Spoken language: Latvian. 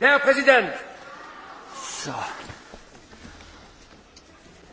Der Herr Präsident! So.